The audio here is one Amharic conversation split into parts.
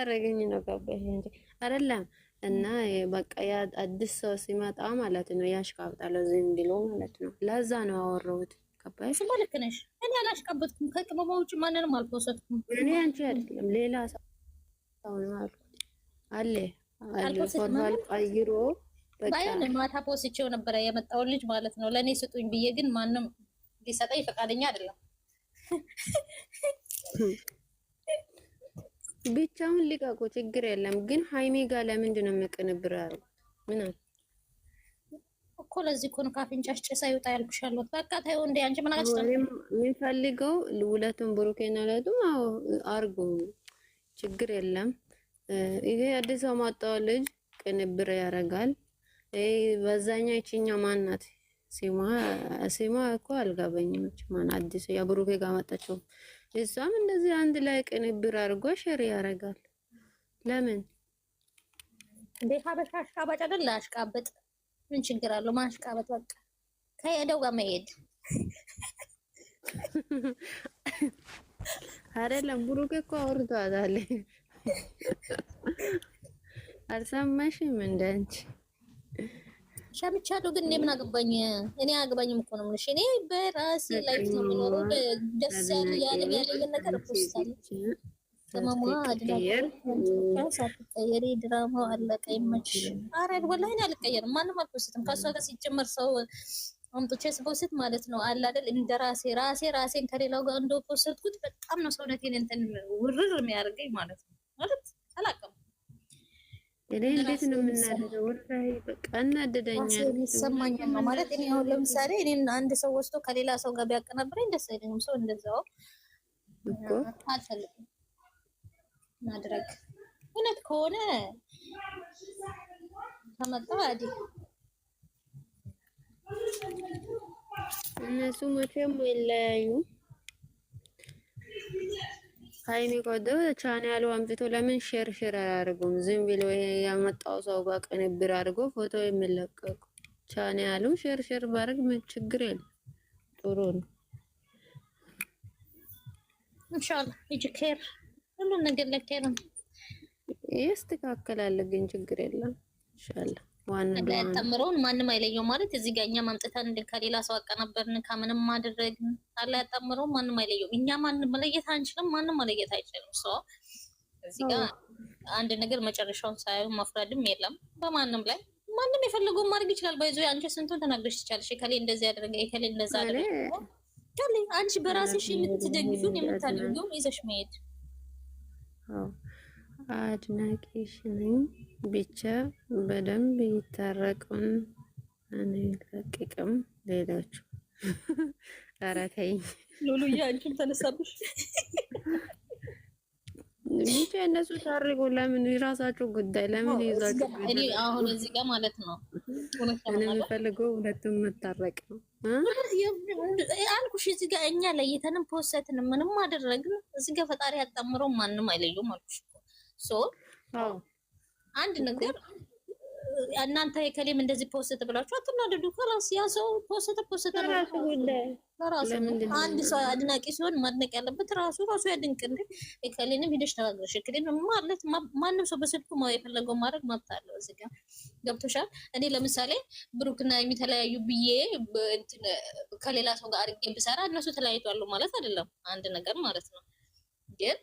ያደረገኝ ነው ገባሽ እንጂ አይደለም። እና በቃ ያ አዲስ ሰው ሲመጣ ማለት ነው ያሽቃብጣል፣ ዝም ብሎ ማለት ነው። ለዛ ነው ያወራሁት። ገባሽ? ልክ ነሽ። እኔ አላሽቃበጥኩም። ከቅመማ ውጭ ማንንም አልፖሰትኩም። እኔ አንቺ አይደለም ሌላ ሰው ነው አልኩት። አለ ፎርማል ቀይሮ ባይሆን ማታ ፖስቼው ነበረ የመጣውን ልጅ ማለት ነው ለእኔ ስጡኝ ብዬ፣ ግን ማንም ሊሰጠኝ ፈቃደኛ አይደለም። ብቻውን ልቀቁ፣ ችግር የለም ግን ሃይሜ ጋር ለምንድን ነው የምቅንብር ምን አለ እኮ ለዚህ እኮ ነው ካፍንጫሽ ጭሳ ይውጣ ያልኩሽ። አልወት በቃ ታዩ እንደ አንቺ ምን አላችሁ የምንፈልገው ሁለቱም ብሩኬና ሁለቱም አዎ አርጉ፣ ችግር የለም። ይሄ አዲስ ማጣው ልጅ ቅንብር ያደርጋል። በዛኛ ይችኛ ማናት ሲማ ሲማ እኮ አልጋበኝም። ማን አዲስ ያ ብሩኬ ጋር መጣችው እሷም እንደዚህ አንድ ላይ ቅንብር አድርጎ ሸር ያደርጋል። ለምን እንዴ ሀበሻ አሽቃባጭ አይደል? አሽቃበጥ ምን ችግር አለው? ማሽቃበጥ በቃ ከሄደው ጋር መሄድ አይደለም። ብሩክ እኮ አውርቷታል። አልሰማሽም እንደ አንቺ ሻምቻለሁ። ግን እኔ ምን አገባኝ? እኔ አገባኝም እኮ ነው የምልሽ። እኔ በራሴ ላይፍ ነው የምኖረው። ደስ ያለ ያለኝን ነገር እኮስታለሁ። ቅመሟ አድናቆት ሳትቀየሪ ድራማው አለቀ። ይመችሽ። ኧረ ወላሂ እኔ አልቀየርም፣ ማንም አልፖስትም። ከእሷ ጋር ሲጀመር ሰው አምጡቼ ስፖስት ማለት ነው አለ አይደል? እንደ ራሴ ራሴ ራሴን ከሌላው ጋር እንደ ፖስትኩት በጣም ነው ሰውነቴን እንትን ውርር የሚያደርገኝ ማለት ነው ማለት እኔ እንዴት ነው የምናደደው? ወላሂ በቃ እናደደኛል ይሰማኛል ነው ማለት። እኔ አሁን ለምሳሌ እኔን አንድ ሰው ወስዶ ከሌላ ሰው ጋር ቢያቀናብረኝ ደስ አይለኝም። ሰው እንደዛው እኮ አልፈልግም ማድረግ። እውነት ከሆነ ከመጣ አዲ እነሱ መቼም ይለያዩ ሀይሚ ቆደ ቻናሉ አምጥቶ ለምን ሼር ሼር አያደርጉም? ዝም ብሎ ያመጣው ሰው ጋር ቅንብር አድርጎ ፎቶ የሚለቀቁ ቻናሉ ሼር ሼር ባደርግ ምን ችግር የለም። ጥሩ ነው። ኢንሻአላህ ይጅ ሁሉ ነገር ለኬር ይስተካከላል፣ ግን ችግር የለም ኢንሻአላህ ያጣምረውን ማንም አይለየው ማለት እዚህ ጋር እኛ ማምጠታን እንደ ከሌላ ሰው አቀናበርን ከምንም ማድረግን አላ ያጣምረውን ማንም አይለየው። እኛ ማንም መለየት አንችልም፣ ማንም መለየት አይችልም። ሰው እዚህ ጋር አንድ ነገር መጨረሻውን ሳያዩ መፍረድም የለም በማንም ላይ ማንም የፈለገውን ማድረግ ይችላል። ባይዞ አንቺ ስንቱን ተናግረሽ ትቻለሽ። ከሌ እንደዚህ ያደረገ ከሌ እንደዛ አደረገ ከሌ አንቺ በራስሽ የምትደግፊውን የምታደርገውን ይዘሽ መሄድ አድናቂሽ ነኝ። ብቻ በደንብ ይታረቅም አንለቅቅም። ሌላችሁ አረተኝ ሉሉ እያንችም ተነሳብሽ። ብቻ እነሱ ታርቁ። ለምን የራሳቸው ጉዳይ ለምን ይዛችሁ? እኔ አሁን እዚህ ጋር ማለት ነው እኔ የምፈልገው ሁለቱም መታረቅ ነው አልኩሽ። እዚህ ጋር እኛ ለይተንም ፖስተንም ምንም አደረግን። እዚህ ጋር ፈጣሪ ያጣምረው ማንም አይለየውም አልኩሽ። ሶ አንድ ነገር እናንተ የከሌም እንደዚህ ፖስት ብላችሁ አትናደዱ። ከራስ ያ ሰው ፖስት ፖስት ራሱ አንድ ሰው አድናቂ ሲሆን ማድነቅ ያለበት ራሱ ራሱ ያድንቅ። እንደ የከሌንም ሂደሽ ተናግረሽ የከሌን ማለት ማንም ሰው በስልኩ የፈለገው ማድረግ መብት አለው። እዚህ ጋር ገብቶሻል። እኔ ለምሳሌ ብሩክና የሚተለያዩ ብዬ ከሌላ ሰው ጋር አድርጌ ብሰራ እነሱ ተለያይቷሉ ማለት አይደለም። አንድ ነገር ማለት ነው ግን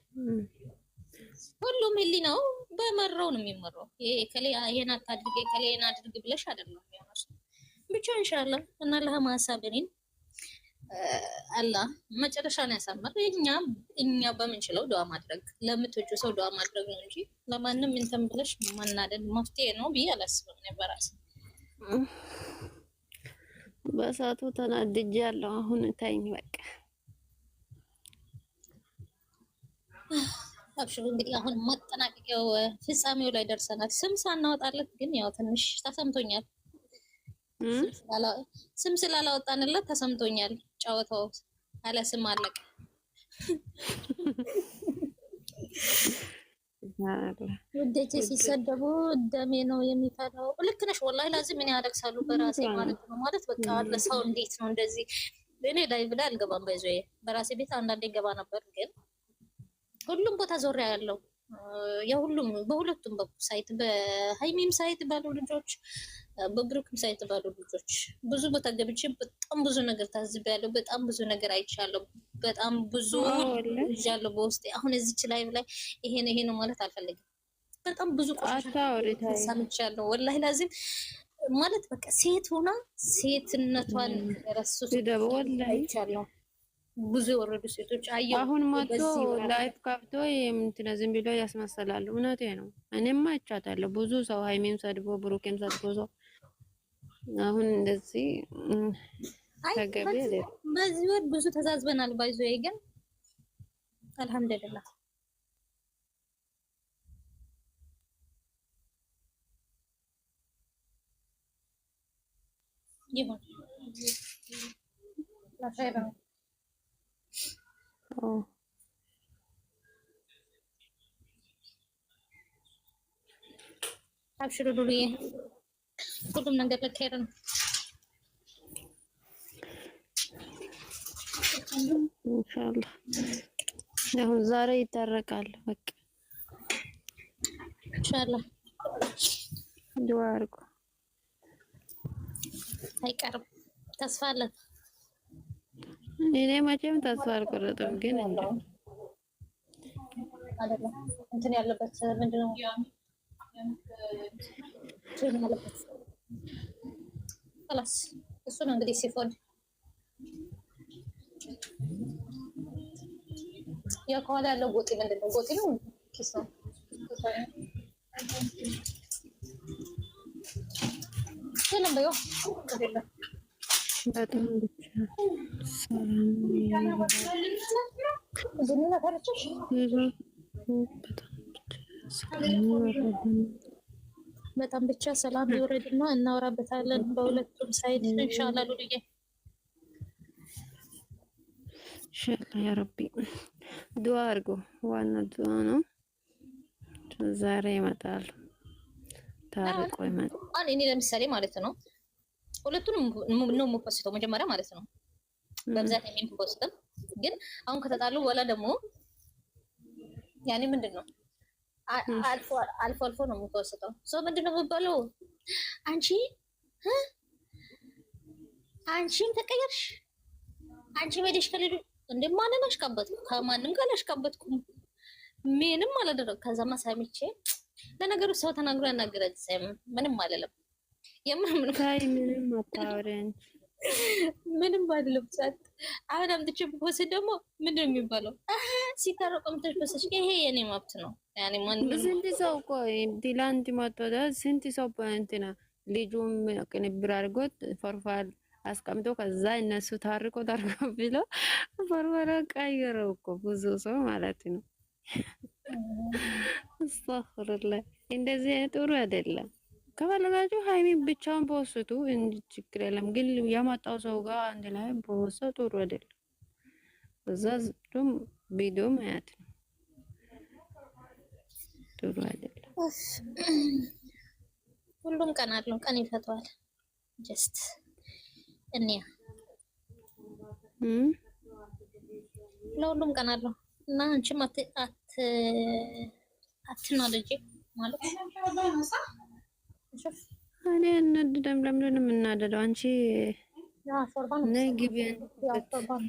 ሁሉም ህሊ ነው በመራው ነው የሚመራው። ይሄ ከሌ ይሄን አታድርግ ከሌ ይሄን አድርግ ብለሽ አይደለም ያነሱ ብቻ ኢንሻአላህ እና ለማሳብሪን አላህ መጨረሻ ነው ያሳምር። እኛ እኛ በምንችለው ዱዓ ማድረግ ለምትወጁ ሰው ዱዓ ማድረግ ነው እንጂ ለማንም እንትን ብለሽ መናደድ መፍትሄ ነው ብዬ አላስብም። በራስ በሳቱ ተናድጄ ያለው አሁን ታይኝ በቃ አብሽሩ እንግዲህ አሁን ማጠናቀቂያው ፍጻሜው ላይ ደርሰናል። ስም ሳናወጣለት ግን ያው ትንሽ ተሰምቶኛል። ስም ስላላወጣንለት ተሰምቶኛል። ጨዋታው አለ ስም አለቀ። ውደቼ ሲሰደቡ ደሜ ነው የሚፈለው። ልክ ነሽ፣ ወላሂ ላዚም እኔ ያለቅሳሉ በራሴ ማለት ነው። ማለት በቃ አለ ሰው እንዴት ነው እንደዚህ? እኔ ላይ ብላ አልገባም። በይዞ በራሴ ቤት አንዳንዴ ገባ ነበር ግን ሁሉም ቦታ ዞሪያ ያለው የሁሉም በሁለቱም በኩል ሳይት በሀይሚም ሳይት ባሉ ልጆች በብሩክም ሳይት ባሉ ልጆች ብዙ ቦታ ገብቼ በጣም ብዙ ነገር ታዝቤያለሁ። በጣም ብዙ ነገር አይቻለሁ። በጣም ብዙ ይዣለሁ በውስጤ። አሁን እዚች ላይ ላይ ይሄ ነው ይሄ ነው ማለት አልፈልግም። በጣም ብዙ ቆሻሻሳምቻለሁ። ወላሂ ላዚም ማለት በቃ ሴት ሆና ሴትነቷን ረሱ አይቻለሁ። ብዙ የወረዱ ሴቶች አየሁ። አሁን መቶ ላይፍ ከፍቶ የምንትና ዝም ብሎ ያስመሰላሉ። እውነቴ ነው። እኔም አይቻታለሁ። ብዙ ሰው ሃይሜም ሰድቦ ብሩኬም ሰድቦ ሰው አሁን እንደዚህ ተገቢ በዚህ ወር ብዙ ተዛዝበናል። ባይዞ ግን አልሐምዱሊላህ ይሁን አብሽሩ ዱርዬ፣ ሁሉም ነገር ለከይር ነው። ኢንሻአላህ አሁን ዛሬ ይታረቃል። በቃ አይቀርም፣ ተስፋ አለን። እኔ መቼም ተስፋ አልቆረጥም፣ ግን እንትን ያለበት ምንድነው ያለበት ላስ እሱን እንግዲህ ሲፎን ያ ከኋላ ያለው ጎጤ ምንድን ነው? ጎጤ ነው ኪስ ነው። የለም በይዋ በጣም በጣም ብቻ ሰላም ይውረድና እናወራበታለን። በሁለቱም ሳይድ እንሻላ ሉልዬ ሸላ ረቢ ዱዋ አድርጎ ዋና ዱዋ ነው። ዛሬ ይመጣል ታርቆ ይመጣል። እኔ ለምሳሌ ማለት ነው ሁለቱን ነው የምፖስተው መጀመሪያ ማለት ነው። በብዛት የሚፖስተው ግን አሁን ከተጣሉ በኋላ ደግሞ ያኔ ምንድን ነው አልፎ አልፎ ነው የምፖስተው። ሶ ምንድን ነው የሚባለው? አንቺ አንቺም ተቀየርሽ፣ አንቺ ሄደሽ ከልዱ እንደ ማንን አሽቃበጥኩ? ከማንም ጋር አሽቃበጥኩም፣ ምንም አላደረግኩም። ከዛማ ሰምቼ ለነገሩ ሰው ተናግሮ ያናገራል፣ ምንም አልልም የማምን ምንም አታወሪን ምንም ባልልም ሰዓት አሁን አምጥቼ ብወስድ ደግሞ ምንድን ነው የሚባለው? ሲታረቁ ምትበሰች ይሄ የኔ መብት ነው። ስንት ሰው እኮ ዲላንድ መጥቶ ስንት ሰው እንትና ልጁም ቅንብር አድርጎት ፎርፋል አስቀምጦ ከዛ እነሱ ታርቆ ታርቆ ብሎ ፎርፋል ቀይረው እኮ ብዙ ሰው ማለት ነው። አስተክርላ እንደዚህ ጥሩ አይደለም። ከፈለጋችሁ ሀይሚን ብቻውን በወስቱ እንጂ ችግር የለም። ግን ያመጣው ሰው ጋር አንድ ላይ በወሰ ጥሩ አይደለም። እዛ ዝም ቪዲዮ ማየት ነው ጥሩ አይደለም። ሁሉም ቀን አለው፣ ቀን ይፈቷል። ጀስት እንያ ለሁሉም ቀን አለው እና አንቺም አት አት አትናደጂ ማለት እኔ አናድደም። ለምንድን የምናደደው? አንቺ ነይ አትመጣም?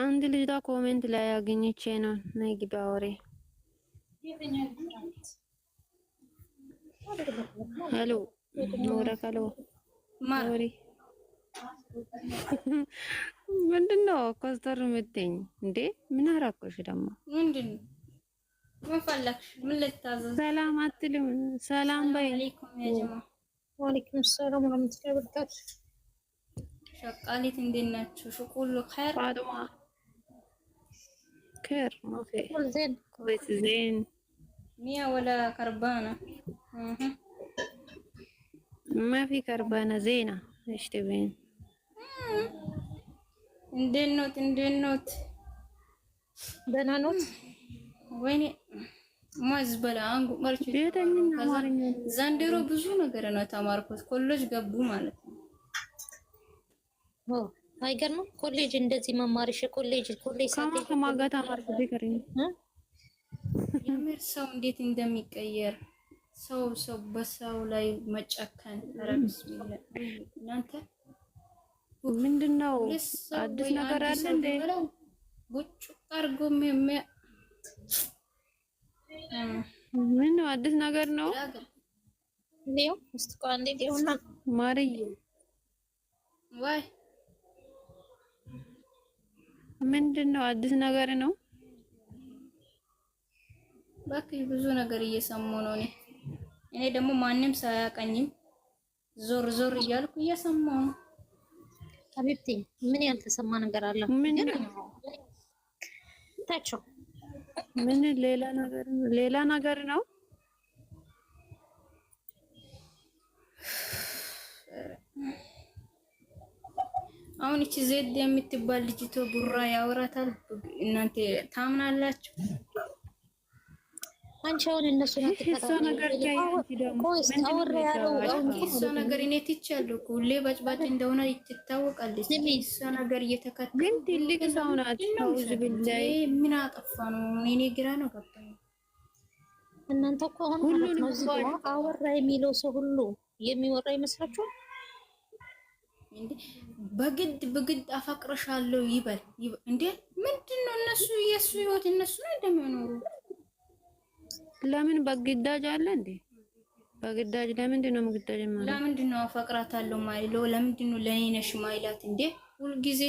አንድ ልጅ ኮሜንት ላይ ነው ነይ ግቢ አውሪ። ሄሎ ማሪ ምንድን ነው ኮስተር የምትይኝ እንዴ? ምን አራኮሽ ደግሞ ምንድን ነው ምን ፈለግሽ? ምን ልታዘዝ? ሰላም አትልም። ሰላም በይ። አለይኩም ያ ጀማ። ወአለይኩም ሰላም ወራህመቱላሂ ወበረካቱ። ሸቃሊት እንዴት ናችሁ? ሽቁሉ ኸይር ፋጡማ ኸይር ማፊ زين كويس زين مية ولا كربانة ما في كربانة زينة ايش تبين እንዴት ኖት? እንዴት ኖት? ደህና ኖት? ወይኔ ማዝ በላ አንጉ ማርቹ ዘንድሮ ብዙ ነገር ነው ተማርኩት። ኮሌጅ ገቡ ማለት ነው። ኦ አይገርምም? ኮሌጅ እንደዚህ መማርሽ ኮሌጅ ኮሌጅ ሳይቀር ከማጋታ ማርኩ ቢቀርኝ የምር ሰው እንዴት እንደሚቀየር ሰው ሰው በሰው ላይ መጨከን ረብስ እናንተ ምንድነው አዲስ ነገር አለ እንዴ? ቡጭ አርጎም ምን አዲስ ነገር ነው? ሌው እስቲ ማርዬ ወይ ምንድን ነው አዲስ ነገር ነው? እባክሽ ብዙ ነገር እየሰሙ ነው። እኔ እኔ ደግሞ ማንም ሳያቀኝም ዞር ዞር እያልኩ እየሰማሁ ነው። ሀቢብቲ ምን ያልተሰማ ነገር አለ? ምን ነው ታቸው ምን ሌላ ነገር ሌላ ነገር ነው። አሁን እቺ ዜድ የምትባል ልጅቶ ቡራ ያወራታል። እናንተ ታምናላችሁ? አንቺ አሁን እነሱ ነገር እኔ ትቻለሁ እኮ ሁሌ እንደሆነ ትታወቃለች። እሷ ነገር እየተከተለ ግን ትልቅ ሰው ምን አጠፋ ነው? እኔ ግራ ነው ገባኝ። እናንተ እኮ አሁን አወራ የሚለው ሰው ሁሉ የሚወራ ይመስላችኋል? በግድ በግድ አፈቅረሻለሁ ይበል እንዴ? ምንድን ነው እነሱ የእሱ ህይወት እነሱ ነው እንደሚኖሩ ለምን በግዳጅ አለ እንዴ? በግዳጅ ለምንድን ነው ግዳጅ ማለት? ለምንድን ነው አፈቅራታለሁ ማይለው? ለምንድን ነው ለኔ ነሽ ማይላት እንዴ? ሁልጊዜ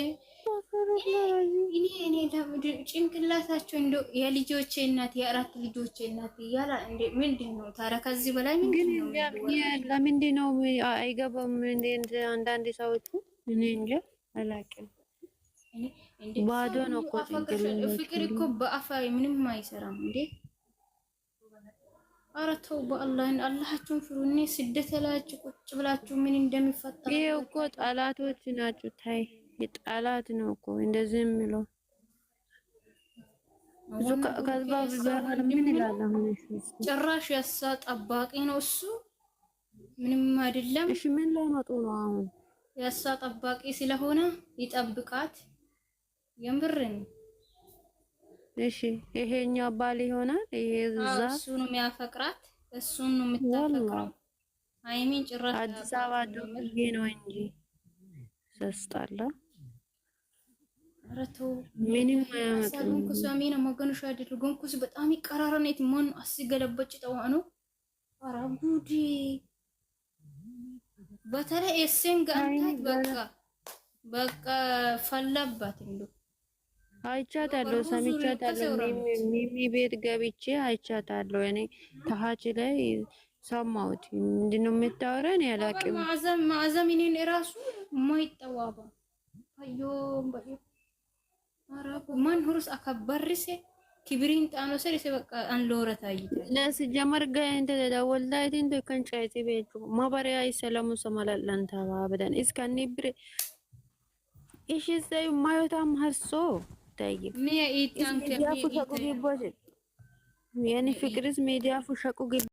እኔ እኔ ለምንድን ጭንቅላታቸው እንደ የልጆቼ እናት የአራት ልጆቼ እናት እያለ እንዴ ምንድን ነው ታዲያ? ከዚህ በላይ ምንድን ነው? ለምንድን ነው አይገባም። እንደ አንዳንድ ሰዎች እኔ እንጃ አላውቅም። ባዶ ነው እኮ ፍቅር እኮ በአፋ ምንም አይሰራም እንዴ ኧረ ተው በአላህ አላሃችሁን ፍሩ። እኔ ስደት ላች ቁጭ ብላችሁ ምን እንደሚፈጠር ይሄ እኮ ጠላቶች ናችሁ። ታይ ጠላት ነው እኮ እንደዚህ የሚለው ጭራሽ ያሳ ጠባቂ ነው እሱ ምንም አይደለም። እሺ ምን ላይ ነው አሁን? ያሳ ጠባቂ ስለሆነ ይጠብቃት የምርን እሺ ይሄኛው ባል ይሆናል። ይሄ እዛ እሱን የሚያፈቅራት እሱን ነው የምታፈቅረው። ሃይሚን ጭራሽ አዲስ አበባ ዱቄ ነው እንጂ ሰስጣላ ረቶ ምንም አያመጣም። ኩስ አሚና መገንሽ አድርገን ኩስ በጣም ይቀራራነት ማን አስገለበጭ ጠዋ ነው። ኧረ በተለይ እሴን ጋር አንታት በቃ በቃ ፈላባት እንዴ አይቻታለሁ፣ ሰምቻታለሁ። ሚሚ ቤት ገብቼ አይቻታለሁ። እኔ ታች ላይ ሰማሁት። ምንድን ነው የምታወራን? ማዘም ማዘም እኔን ራሱ ማይጠዋባ ማን ሁሩስ አከበርሴ ክብሪን ጣኖ ሰሪሴ በቃ አንሎረታ ለስ ጀመር ጋ እንደ ደወልዳይት እንደ ከንጫይቲ ቤቱ ማበሪያ ይሰለሙ ሰማላላንታ ባበደን እስካኒ ብሬ እሺ ዘይ ማዮታም ሀሶ ይታየ ሚያ ኢታን ከፊ ሚዲያ ፉሸቁ ግቦሽ የኔ ፍቅርስ ሚዲያ ፉሸቁ